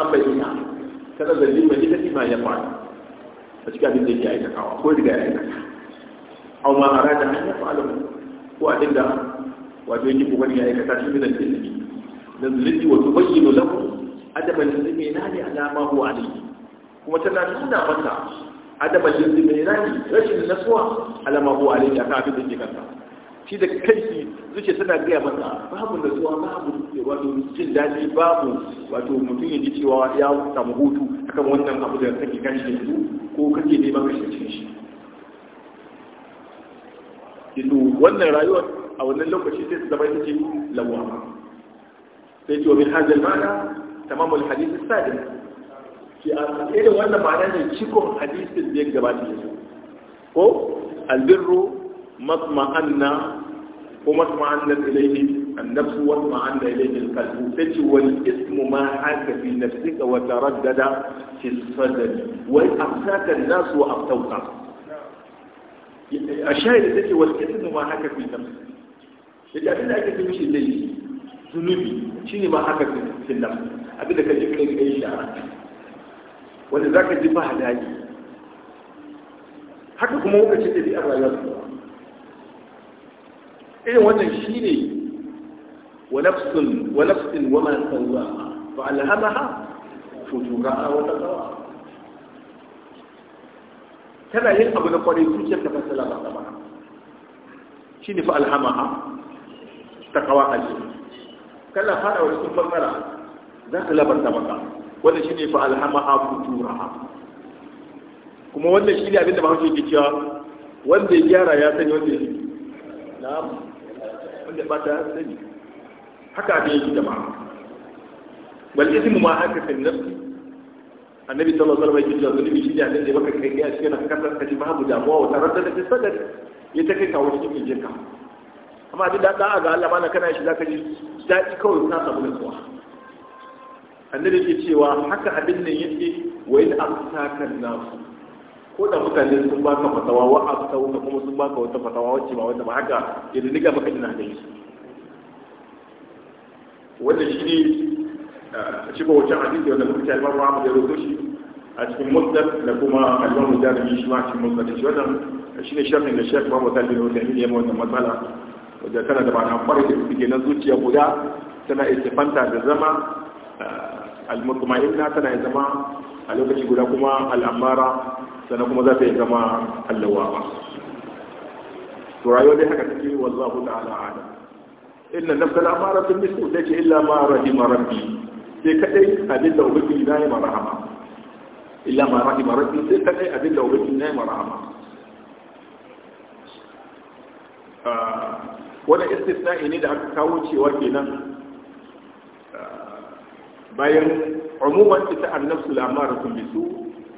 ambaita tana zargin mai ita fi ma yaf'al a cikin abin da yake takawa, ko riga ya takawa? amma a rada an yaf'alu ko a da wato yake kokarin ya aikata shi ne da ilimi nazlati wa tubayyinu lahu adab al na ne alama huwa alayhi kuma tana nuna masa adab na ne rashin naswa alama ma huwa da akan abin da ke kansa shi da kanshi zuciya tana gaya masa babu natsuwa babu wato jin daɗi babu wato mutum ya ji cewa ya samu hutu akan wannan abu da kake kanshi yanzu ko kake neman kashe shi yanzu wannan rayuwar a wannan lokaci sai su zama ita ce lawa sai ومن هذا المعنى تمام الحديث السادس في irin wannan ma'ana ne cikon hadisin da ya gabata ya ko albirru matma'anna ko matma'anna ilayhi النفس واطمعن اليه القلب تجي والاسم ما حاك في نفسك وتردد في الصدر وابساك الناس وابتوك الشاهد تجي والاسم ما حاك في نفسك يجي ابن اكل في مشي الليل zunubi shine ma haka sillam abinda ka ji kai kai shara wanda zaka ji ba hadari haka kuma wuka ce dabi'ar rayuwar su irin wannan shine wa nafsun wa nafsin wa ma sawaha fa alhamaha fujuraha wa taqwa tana yin abu na kwarai zuciyar ta fasala ba ta ba shine fa alhamaha taqwa alayhi kana fara wani sun bangara za ta labarta maka shi ne fa alhamaha futuraha kuma wannan ne abinda ba ke yake cewa wanda ya gyara ya sani wanda ya na'am wanda ba ta sani haka abin yake jama'a bal ismu ma haka fil nafsi annabi sallallahu alaihi wasallam yake cewa shi ne abinda ya baka kai ya yana kasar ka ji babu damuwa wata radda da sadar ya ta kai kawo cikin jinka amma duk da da'a ga Allah mana kana shi zaka ji daɗi kawai ka samu nutsuwa annabi ke cewa haka abin nan yake wa in amsaka nasu ko da mutane sun baka fatawa wa amsauka kuma sun baka wata fatawa wacce ba wanda ba haka ya niga maka ina da shi wannan shi ne a ah, cikin wancan hadisi wanda muka tafi ba mu da roƙo shi a cikin musnad da kuma al-Imam shi ma cikin da shi wannan ne shafin da Sheikh Muhammad Talib bin ne ya yi wannan matsala wajen tana da ma'ana kwarai da suke na zuciya guda tana iya fanta da zama eh, al-mutma'inna tana yi zama a lokaci guda kuma al'amara sannan kuma za ta iya zama ba su rayuwa dai haka take wallahu ta'ala alam inna fi al'amara tun bisu take illa ma rahima rabbi sai kadai abin da ubangiji na yi marhama illa ma rahima rabbi sai kadai abin da ubangiji na yi marahama. Ah, wannan istisna'i ne da aka kawo cewa nan, ah, bayan umuman ita annabsu lamar sun bisu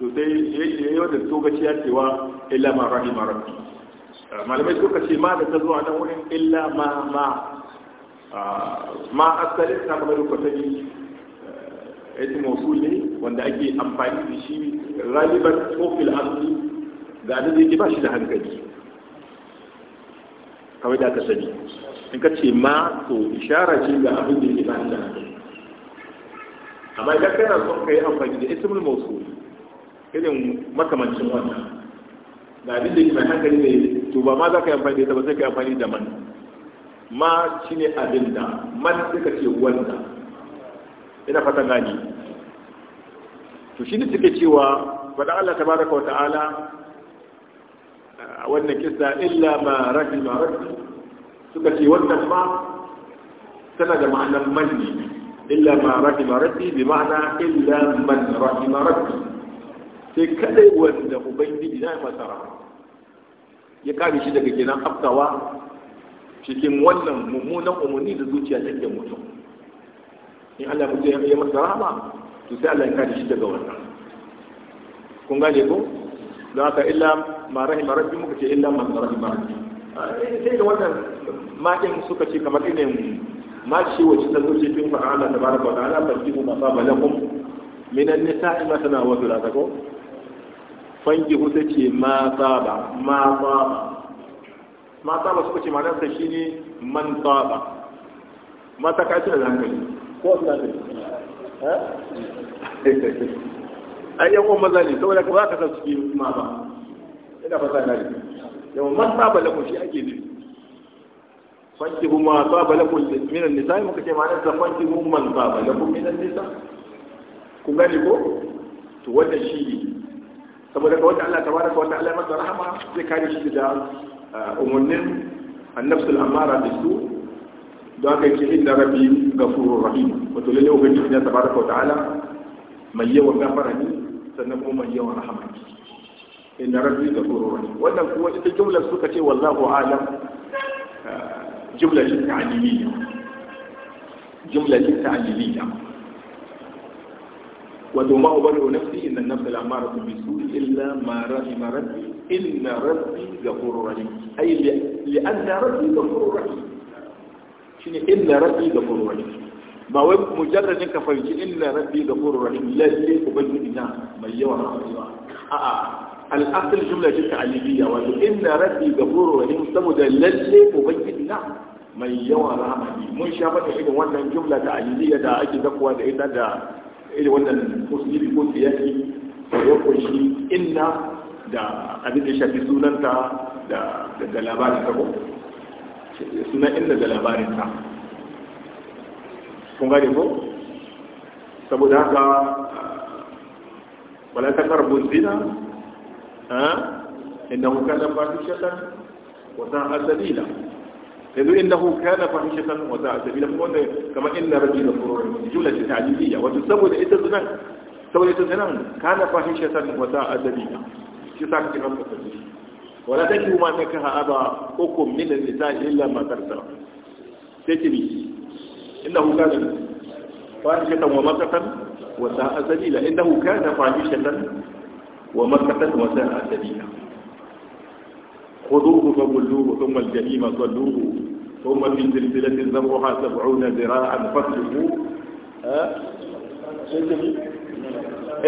to sai yayi wanda togaciya cewa illa ma rahima rabbi ah, malamai suka ce ma da ta zuwa nan wurin illa ma ma ah, ma asalin ta kamar kwatani yaji eh, mausul ne wanda ake amfani da shi galiban tsofil asali ga da zai ba shi da hankali kawai da aka sani in ka ce ma to ishara ce ga abin da ke ba da amma idan kana son kai amfani da ismul su irin makamancin wannan da abin da ke mai hankali ne to ba ma za ka yi amfani da ita ba sai ka yi amfani da man ma shi ne abin da man suka ce wanda ina fata gani to shi ne suke cewa wadda Allah tabaraka wa ta'ala wannan kisa illa ma rahima rabbi suka ce wannan ma tana da ma'anar manni illa ma rahima rabbi bi ma'ana illa man rahima rabbi sai kadai wanda ubangiji ya masa rahama ya kare shi daga kenan aftawa cikin wannan mummunan umarni da zuciya take mutum in Allah mutum ya masa rahama to sai Allah ya kare shi daga wannan kun gane ko don haka illa ma rahima rabbi muka ce illa man rahima rabbi sai da wannan makin suka ce kamar irin ma ce wacce ta zuci tun fa ala tabaraka wa ta'ala fasihu ma saba lakum min an-nisa'i masana wa thulatha ko fankihu ta ce ma saba ma saba ma saba suka ce ma'anarsa ne man saba mata ka ci da hankali ko ina ne eh ai yan uwan maza ne saboda ka ba ka san su ma ba ina fata na ne yau man ba balakun shi ake nufi fankihu ma ba balakun minan nisa muka ce ma'anar sa fankihu man ba balakun minan nisa ku gani ko to wannan shi ne saboda ka wanda Allah tabaraka wa ta'ala masa rahama zai kare shi da umurnin annafsul amara da su don haka yake inda rabbi gafurur rahim wato lalle ubangiji ya tabaraka wa ta'ala mai yawan gafara ne sannan kuma mai yawan rahama ne إن ربي غفور رحيم وأنا هو إنت جملة سكتي والله أعلم جملة تعليمية جملة تعليمية وما أبرئ نفسي إن النفس الأمارة بالسوء إلا ما رحم ربي إن ربي غفور رحيم أي لأن ربي غفور رحيم إن ربي غفور رحيم ما هو مجرد أنك فهمت إن ربي غفور رحيم لا يجيب أبرئ نفسي ما يوحى الله al'asir jumla ce ta'alibiyya wato inna rabbi gafuru rahim saboda lalle ubangiji na mai yawan rahmani mun sha mata irin wannan jumla ta'alibiyya da ake zakuwa da ita da irin wannan musulmi ko siyasi da ya kunshi inna da abin da shafi sunanta da da labarin ta ko sunan inna da labarin ta kun gane ko saboda haka wala taqrabu zina inda إنه كان فاحشة وساء سبيلا yanzu inda hu kana fahishatan wa za'a sabila kuma wanda kamar inna rabbi da furorin jumla ce ajiyya. wato saboda ita zunan saboda ita zunan kana fahishatan wa za'a sabila shi sa kake kan fasali wala takiu ma nakaha aba ukum min an-nisa illa ma tarsara sai ki bi innahu kana fahishatan wa matatan wa za'a sabila innahu kana fahishatan ومكة وساء سبيلا خذوه فغلوه ثم الجحيم صلوه ثم في سلسلة ذرعها سبعون ذراعا فاسلكوه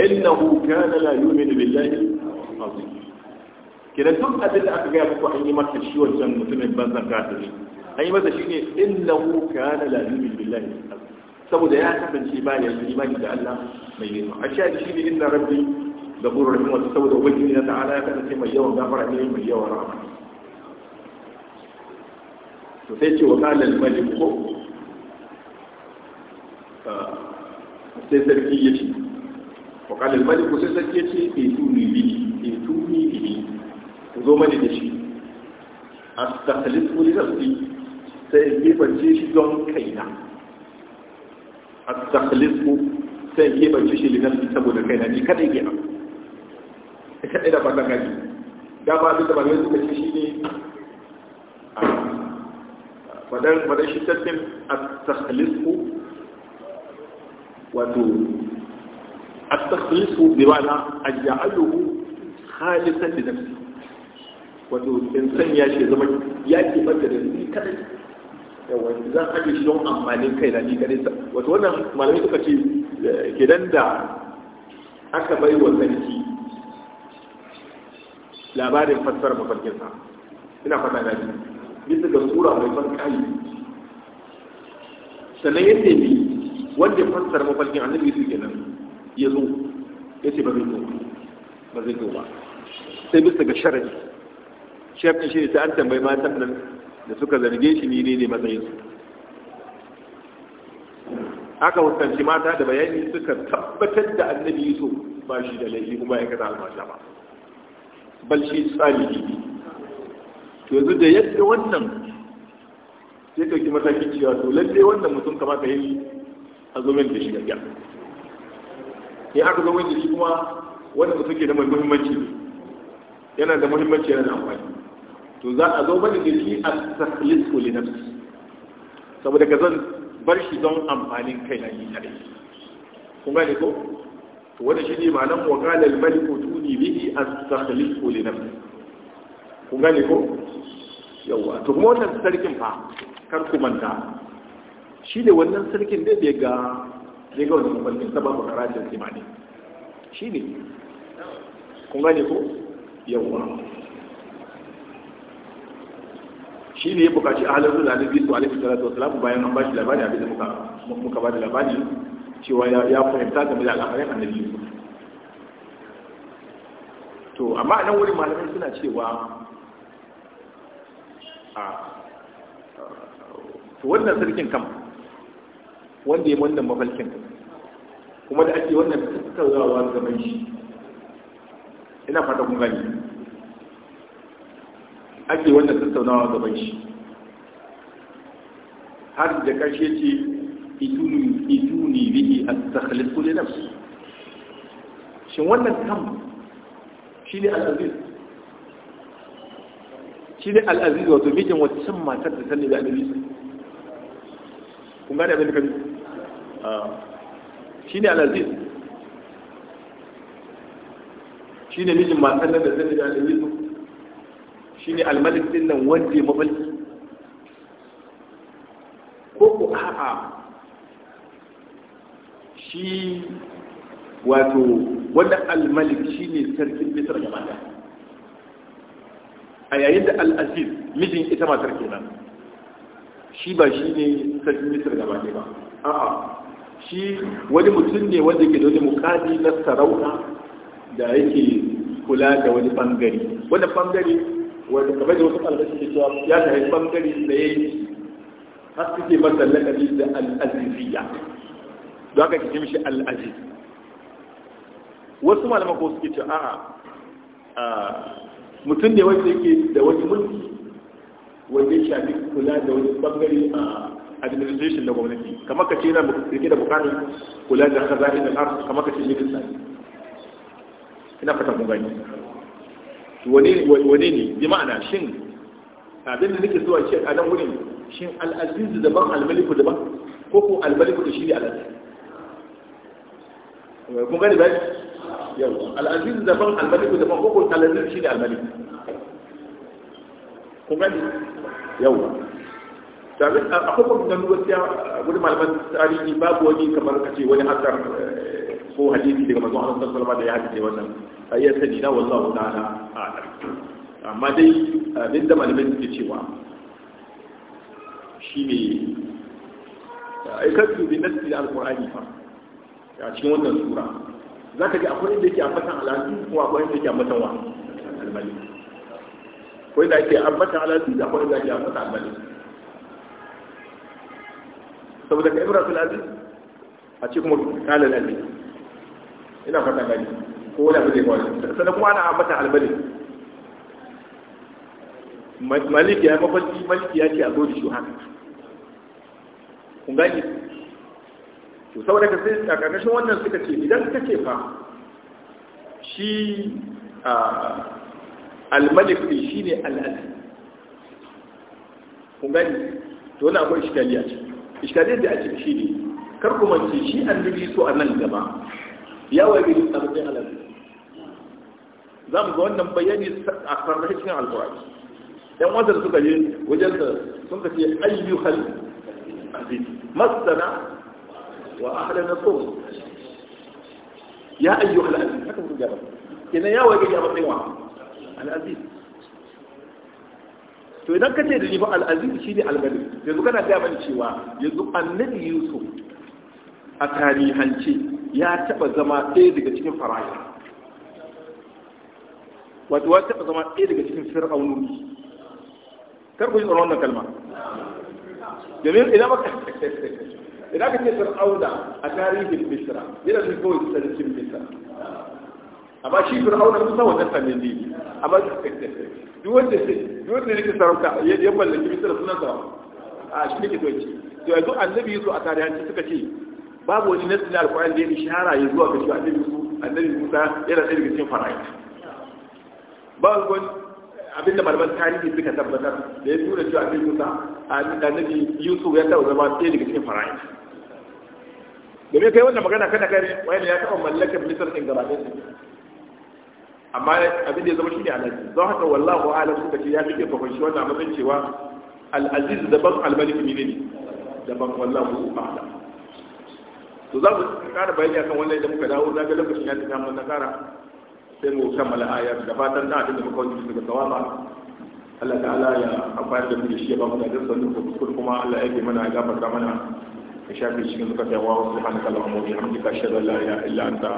إنه كان لا يؤمن بالله العظيم كده duk abin da aka gaya muku an yi masa shi wancan mutumin banzan kafiri an yi masa shi ne innahu kana la yu'min billahi saboda ya kasance ba ya yi imani da Allah mai girma a shi ne inna rabbi da burin rahimu wasu saboda ubangiji na ta'ala ya kasance mai yawan gafara ne mai yawan rama to sai ce wa kalal malik ko ah, sai sarki ya ce wa kalal malik ko sai sarki ya ce ke tuni bi ke tuni bi ku zo mani da shi tuni da nafsi sai in kebance shi don kaina astakhlifu sai in kebance shi li nafsi saboda kaina ni kadai ke abu da kaɗai da farlan haji dama ba, da malamai suka ce shi ne a fadar shi tattin a tasalisku wato a tasalisku bi ma'ana a ja'aluhu halisan da nafsi wato in sanya shi zama ya ke banta da ni kadai yawan zan aje shi don amfanin kai na ni kadai wato wannan malamai suka ce gidan eh, da aka bai wa sarki labarin fassara mafarkinsa ina fata da shi bisa ga sura mai ban kai sannan ya ce ni wanda fassara mafarkin annabi su kenan ya zo ya ce ba zai zo ba zai zo ba sai bisa ga sharadi shafin shi ta an tambayi matan nan da suka zarge shi ni ne ne matsayinsu aka hukunci mata da bayani suka tabbatar da annabi yusuf ba shi da laifi kuma ya kada almasha ba bal shi salihi to yanzu da yadda wannan sai ɗauki mataki cewa to lalle wannan mutum kamata yi a zomen da shi gaskiya ya aka zomen da shi kuma wanda mutum ke da mai muhimmanci yana da muhimmanci yana da amfani to za a zo bane da shi a taslisu li saboda ka zan bar shi don amfanin kai na yi tare kuma ne ko to shi ne ma'anar wa qala mali ko tuni bihi astakhlifu li nafsi ku gane ko yawa to kuma wannan sarkin fa kar ku manta shi ne wannan sarkin da bai ga bai ga wannan mafarkin sababu karatun imani shi ne ku gane ko yawa shi ne ya bukaci ahalar zuwa na bisu alaihi salatu wasalam bayan an shi labari abin da muka ba da labari cewa ya fahimta game da al'amarin annabi yusuf to amma a nan wurin malamai suna cewa a wannan sarkin kan wanda ya wannan mafalkin kuma da ake wannan tattaunawa gaban shi ina fata kun gani ake wannan tattaunawa gaban shi har da ƙarshe ce ituni ituni bihi astakhlisu li nafsi shin wannan kam shi ne al-aziz shi ne al-aziz wato mijin wacce matar da sallah da annabi kun gane abin da kabi ah. shi ne al-aziz shi ne mijin matar da sallah da annabi shi ne al-malik din nan wanda ya mabalki ko ko a'a shi wato wanda al-malik shine sarkin misr gaba da a yayin da al-aziz mijin ita sarki kenan shi ba shi ne sarkin misr gaba da ba a'a shi wani mutum ne wanda ke da wani mukadi na sarauta da yake kula da wani bangare wani bangare wanda kamar da wasu alƙashi ke cewa ya shahi bangare da ya yi har suke masa da al-aziziyya don haka kike mishi al'aziz wasu malama ko suke ce a mutum ne wanda yake da wani mulki wanda ya shafi kula da wani bangare a administration da gwamnati kamar ka ce yana rike da bukatar kula da kazari da arz kamar ka ce ne kinsa ina fata mun gani wane ne bi ma'ana shin abin da nake so a ce a nan wurin shin al daban almaliku daban ko ko almaliku da shi ne al Eh, kun gani ba yau al'aziz daban almaliku daban ko al'aziz shi ne almaliku kun gani yau tare akwai magunan gaskiya wurin malaman tarihi babu wani kamar kace wani hasar eh, ko hadisi daga manzon Allah sallallahu alaihi da ya hadisi wannan ayyar sani na wallahu ta'ala a'lam amma dai abin da malamin suke cewa shine eh, ai kasu bi nasi alqur'ani fa a cikin wannan sura za ka ga akwai inda yake ambatan alhaji ko akwai inda yake ambatan wa almali ko inda yake ambatan alhaji da akwai inda yake ambatan almali saboda ka ibra fil aziz a ce kuma kala lalle ina fata gani ko wani abu zai kawai sannan kuma ana ambatan almali maliki ya mafarki maliki ya ce a zo da shi haka kun gani to saboda ka sai a ƙarƙashin wannan suka ce idan ka ce fa shi al-malik ne shi ne azim kun gani to wani akwai iskali a ciki iskali da a ciki shi ne kar ku an shi so a nan gaba ya waye gari tsarfin alaƙa za mu ga wannan bayani a farfashe cikin alƙur'ani yan wajen suka je wajen sun ka ce ayyuhal masana wa ahlana qum ya ayyuhal aziz haka mutum gaba kenan ya waye a matsayin wa al'aziz to idan ka ce da ni ba al'aziz shine al-malik yanzu kana ga bani cewa yanzu annabi yusuf a tarihance ya taba zama ɗaya daga cikin faraya wato ya taba zama ɗaya daga cikin fir'aunoni kar ku yi tsaron wannan kalma domin idan baka idan ka ce fir'auna a tarihin misra yana da kawai sarkin misra amma shi fir'auna sun san wannan famili ne amma duk wanda sai duk wanda yake sarauta ya mallaki misra sunan sa a shi nake so ce to yanzu annabi yusuf a tarihanci suka ce babu wani na na alkur'an da ya shahara ya zuwa ga shi annabi yusuf annabi musa yana ɗaya daga cikin fara'ita ba wani abin da malaman tarihi suka tabbatar da ya tura cewa annabi musa annabi ya taɓa zama ɗaya daga cikin fara'ita domin kai wannan magana kada kai wani ya taɓa mallaka misal ɗin gaba ɗaya amma abin da ya zama shi ne alaji don haka wallahu alam suka ce ya fi kafin shi wannan matsayin cewa al'aziz daban almalik ne ne daban wallahu alam to za mu kara bayani akan wannan idan muka dawo na ga lokacin ya tafi mun na kara sai mu kammala ayar da fatan da abin da muka wani daga sawaba Allah ta'ala ya amfani da mu da shi ya ba mu da jinsa da kuma Allah ya ke mana ya gafarta mana ka shafe cikin suka sai wa su allahumma wa bihamdika ashhadu an la ilaha illa anta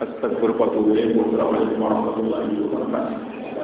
astaghfiruka wa atubu ko kuma assalamu alaikum wa kuma wa